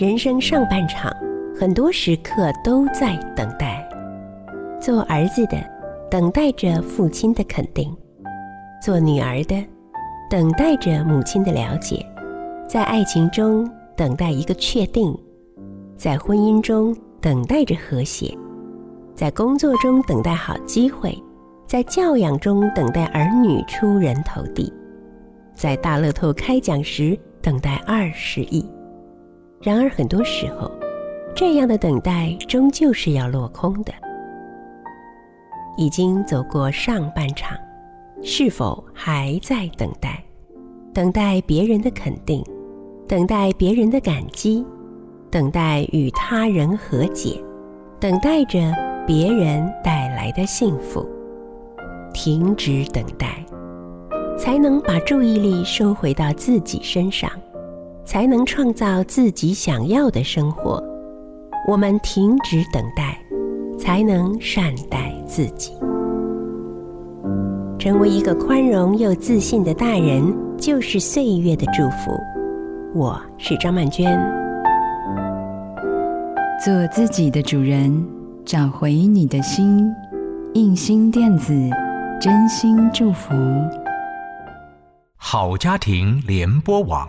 人生上半場，很多時刻都在等待。做兒子的，等待着父親的肯定；做女兒的，等待着母親的了解。在愛情中等待一個確定，在婚姻中等待着和諧，在工作中等待好機會，在教養中等待兒女出人頭地，在大樂透開獎時等待二十億。然而，很多時候，這樣的等待終究是要落空的。已經走過上半場，是否還在等待？等待別人的肯定，等待別人的感激，等待與他人和解，等待着別人帶來的幸福。停止等待，才能把注意力收回到自己身上。才能創造自己想要的生活。我們停止等待，才能善待自己。成為一個寬容又自信的大人，就是歲月的祝福。我是張曼娟。做自己的主人，找回你的心。映興電子，真心祝福。好家庭聯播網。